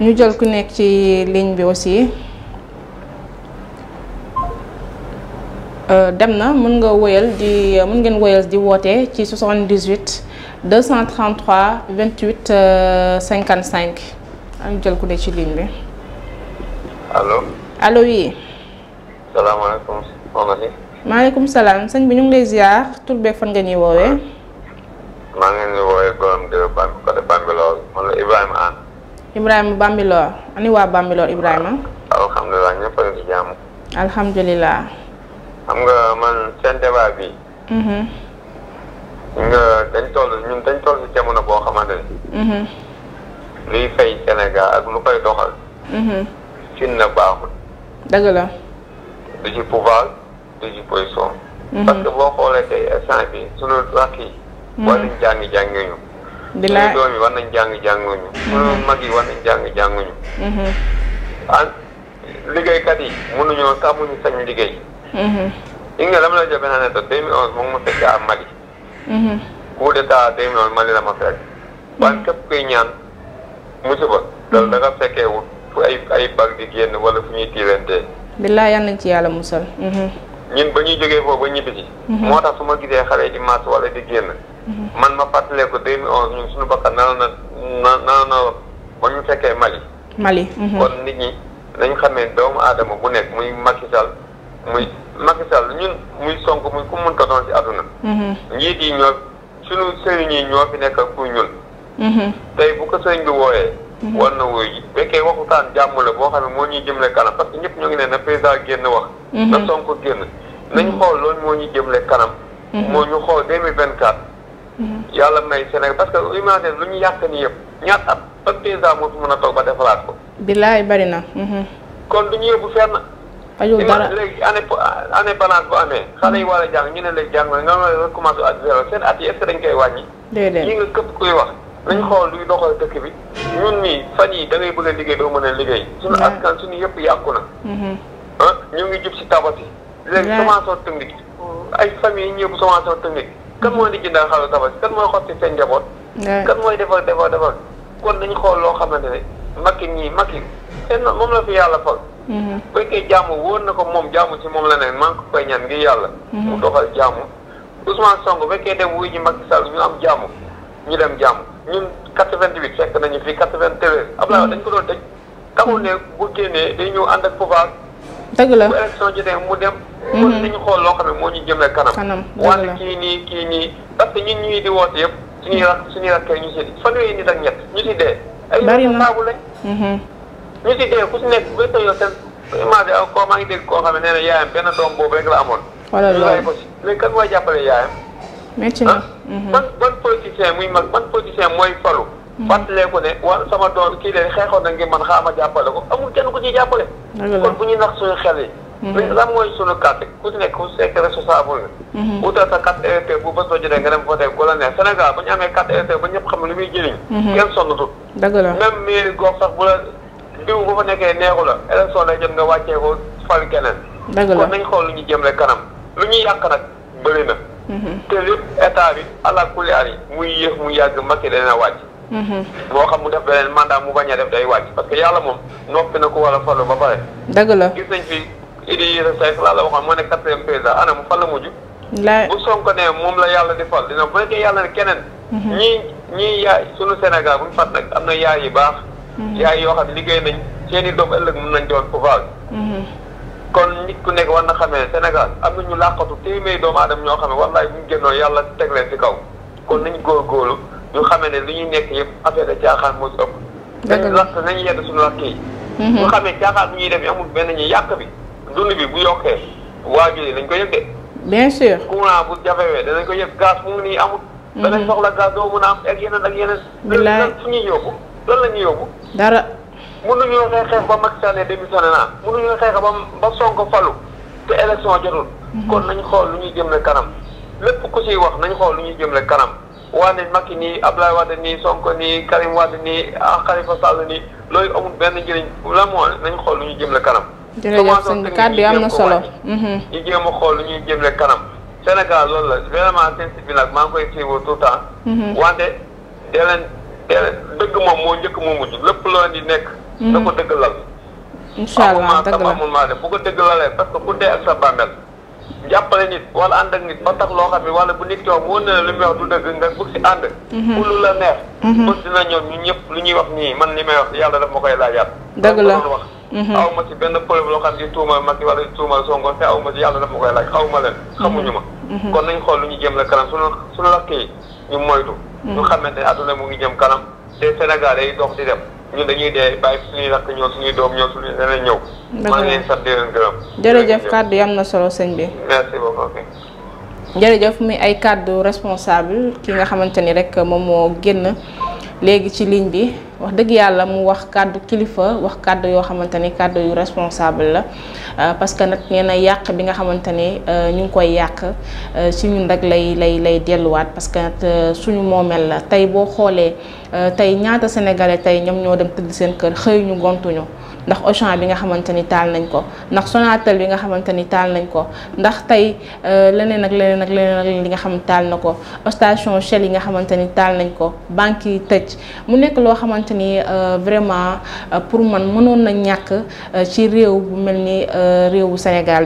ñu jël ku nekk ci ligne bi aussi euh, dem na mën nga woyal di mën ngeen woyal di woote ci 78 233 28 55 ñu jël ku nekk ci ligne bi. Allô. allo oui. salaamaaleykum soxna si. maaleykum salaam sëñ bi ñu ngi lay ziar tur beeg fan nga ñuy woowee. maa ngi leen di woowee góor am di Bambilor man la Ibrahima Anne. Ibrahima Bambilor ani waa Bambilor Ibrahima. waaw xam nga waa ñëpp a xam nga man seen débat bi. Mm-hmm. nga dañ toll ñun dañ toll si jamono boo xamante ni. Mm-hmm. luy fay Sénégal ak lu koy doxal. fin mm-hmm. na baaxul. dëgg la. du ci pouvoir du ci position. parce boo xoolee tey instant bi sunu rakk yi. wala jàngi jàngi ñu. di la doom yi war nañ jàng jànguñu. mag yi war nañ jàng jànguñu. Mm-hmm. ah liggéeykat yi mënuñoo sax muñu sañ liggéey. yi mm-hmm. nga la ma la jox benn anecdote 2011 moom mu fekk à Mali. Mm-hmm. coup d'état 2011 Mali la ma fekk. waaye képp kuy ñaan musiba. loolu da nga fekkee wut fu ay ay bag di génn wala fu ñuy tiirantee. billaay yal nañ ci yàlla musal. ñun ba ñuy jógee foofu ba ñibbisi. moo tax su ma gisee xale di mars wala di génn. Mm-hmm. man ma fàttaleeku 2011 ñun suñu bakkan nana na na nana na ba ñu fekkee Mali. Mali. Mm-hmm. kon nit ñi nañ xamee doomu aadama bu nekk muy Macky Sall muy Macky Sall ñun muy sonk muy ku mun ko doon ci àdduna. Mm-hmm. njiit yi ñoo suñu sëriñ yi ñoo fi nekk ak ku ñun. tey bu ko sëriñ bi wooyee. war na wóor fekkee waxutaan jàmm la boo xam moo ñuy jëmle kanam parce que ñëpp ñoo ngi ne na président génn wax. na sonk génn nañ xool loolu moo ñuy jëmle kanam. moo ñu xool 2024. yàlla may Sénégal parce que imagine lu ñu yàq nii yëpp ñaat at ak président moo fi a toog defaraat ko. billaay bari na. Mhm. kon du ñu yóbbu fenn. fajul dara léegi année année balance bu amee. xale yi war a jàng ñu ne léegi jàng nga nga commencé at seen at yi est-ce que dañ koy wàññi. déedéet ñi nga këpp wax. nañ xool luy doxal dëkk bi ñun nii fan yi da bëgg a liggéey doo mën a liggéey. suñu askan suñu yëpp yàqu na. Mhm. ah ñu ngi jub si tabaski. léegi semence technique ay kan mooy di jëndal xalu tabaski kan mooy xotti seen njaboot. kan mooy defar defar defar kon nañu xool loo xamante ne makki ñi makki seen moom la fi yàlla fal. Mhm. bu fekkee jaamu wóor na ko moom jàmm si moom la ne maa ngi ko koy ñaan ngir yàlla. Mhm. mu doxal jaamu Ousmane Sonko bu fekkee dem wuy ji Macky Sall ñu am jaamu ñu dem jaamu ñun 88 fekk nañu fi 93. Abdoulaye dañ ko doon tëj taxul ne bu génnee day ñëw ànd ak pouvoir. dëgg la bu élection jotee mu kon mhm. nañu xool loo xam ne moo ñu jëmee kanam. kanam wante kii nii kii nii parce que ñun ñii di woote yëpp suñuy rak suñuy rakkee ñu si fanweeri nit ak ñett ñu si dee. bari na ay saabu lañ. Mhm. ñu si dee ku si nekk bu tëjoo seen image ak ah, koo maa ngi dégg koo xam ne nee na yaayam benn doom boobu rek la amoon. wala loolu ko si mais kan mooy jàppale yaayam. métti na ah, mhm. ban ban politicien muy mag ban politicien mooy falu. fàttaleeku ne wa sama doom kii de xeexoon na ngir man xaama jàppale ko amul kenn ku ciy jàppale. kon bu ñu nax suñu xel yi léegi mm-hmm. lan mooy sunu carte ku ci nekk ku nekk responsable la. wutal mm-hmm. sa carte électeur bu bés ba jotee nga dem voté ko la neex Sénégal bu ñu amee carte électeur ba ñëpp xam lu muy jëriñ. Mm-hmm. kenn sonnatul. dëgg la même mairie gox sax bu la diw bu bi ala kulli mu yàgg Macky dana wàcc. moo xam mu def beneen mandat mu bañ a def day wàcc parce que yàlla moom noppi na ko war a ba pare. dëgg gis nañ fi. Idi Yesa Seck laa la waxoon moo ne quatrième président ana mu fan la mujj. bu Sonko nee moom la yàlla di fal dina bu nekkee yàlla ne keneen. Mhm. ñii ñii yaay sunu Sénégal bu ñu fat nag am na yaay yu baax. Mhm. yaay yoo xam ne liggéey nañ seen i doom ëllëg mun nañ doon pouvoir mhm. kon nit ku nekk war na xamee Sénégal am na ñu làqatu téeméeri doomu aadama ñoo xam ne wallaay bu ñu génnoo yàlla teg leen ci kaw kon nañu nañ góorgóorlu ñu xamee ne li ñuy nekk yëpp affaire caaxaan moo ci ëpp. dëgg la nañ lakk nañ yedd suñu yi. ñu xamee caaxaan bu ñuy def amul benn ñu yàq bi. dund bi bu yokkee waa yi nañ ko yëg de. bien sûr courant bu jafewee danañ ko yëg gaz fu mu nii amul. danañ mhm. soxla gaz doo mun a am ak yeneen ak doo bilaay lan fu ñuy yóbbu lan la ñuy yóbbu. dara. mënuñoo xeex ba Macky Sall démissionné naa mënuñoo xeex ba ba Sonko falu te élection jotul. Mhm. kon nañ xool lu ñuy jëmle kanam lépp ku ciy wax nañ xool lu ñuy jëmle kanam. waa ne Macky nii Abdoulaye Wade nii Sonko nii Karim Wade nii ah, Khalifa Sall nii loolu amul benn njëriñ la moo nañ xool lu ñuy jëmle kanam. jërëjëf sëñ bi kàddu yi am na solo mhm. ñu jéem a xool lu ñuy jëmle kanam Sénégal loolu la vraiment sensible bi nag maa ngi koy suivre tout le temps mhm. wante dee leen dee leen dëgg moom moo njëkk moo mujj lépp loo leen di nekk da mhm. ko dëgg lal incha allah dëgg la amul maa def bu ko dëgg lalee parce que ku dee ak sa bàmmeel jàppale nit wala ànd ak nit ba tax loo xam ne wala bu man lima may wax yàlla daf Mm-hmm. aw ma benn problème loo xam ne tuumal Macky wala tuumal Sonko te aw ma ci yàlla dafa koy laaj xaw ma leen xamuñu ma mm-hmm. kon nañ xool lu ñu jëm la kanam suñu suñu lakk ñu moytu mm-hmm. ñu xamante ne adduna mu ngi jëm kanam de Sénégal yi dox di dem ñun dañuy dee bàyyi suñuy rakk ñoo suñuy doom ñoo suñuy leneen ñëw. maa ngi leen kàddu yi na solo sëñ bi. merci beaucoup. jërëjëf muy ay kàddu responsable ki nga xamante ni rek moom moo génn. léegi ci ligne bi wax dëgg yàlla mu wax kàddu kilifa wax kàddu yoo xamante ni kàddu yu responsable la euh, parce que nag nee na yàq bi nga xamante ni euh, ñu ngi koy yàq si euh, ñun rek lay lay lay delluwaat parce que nag suñu moomeel la tey boo xoolee tey ñaata sénégalais tey ñoom ñoo dem tëdd seen kër xëyuñu gontuñu ndax Auchan bi nga xamante ni taal nañ ko ndax Sonatel bi nga xamante ni taal nañ ko ndax tey euh, leneen ak leneen ak leneen ak leneen li nga xam taal na ko station Shell yi nga xamante ni taal nañ ko banque yi tëj mu nekk loo xamante ni euh, vraiment euh, pour man mënoon na ñàkk ci réew bu mel ni réewu Sénégal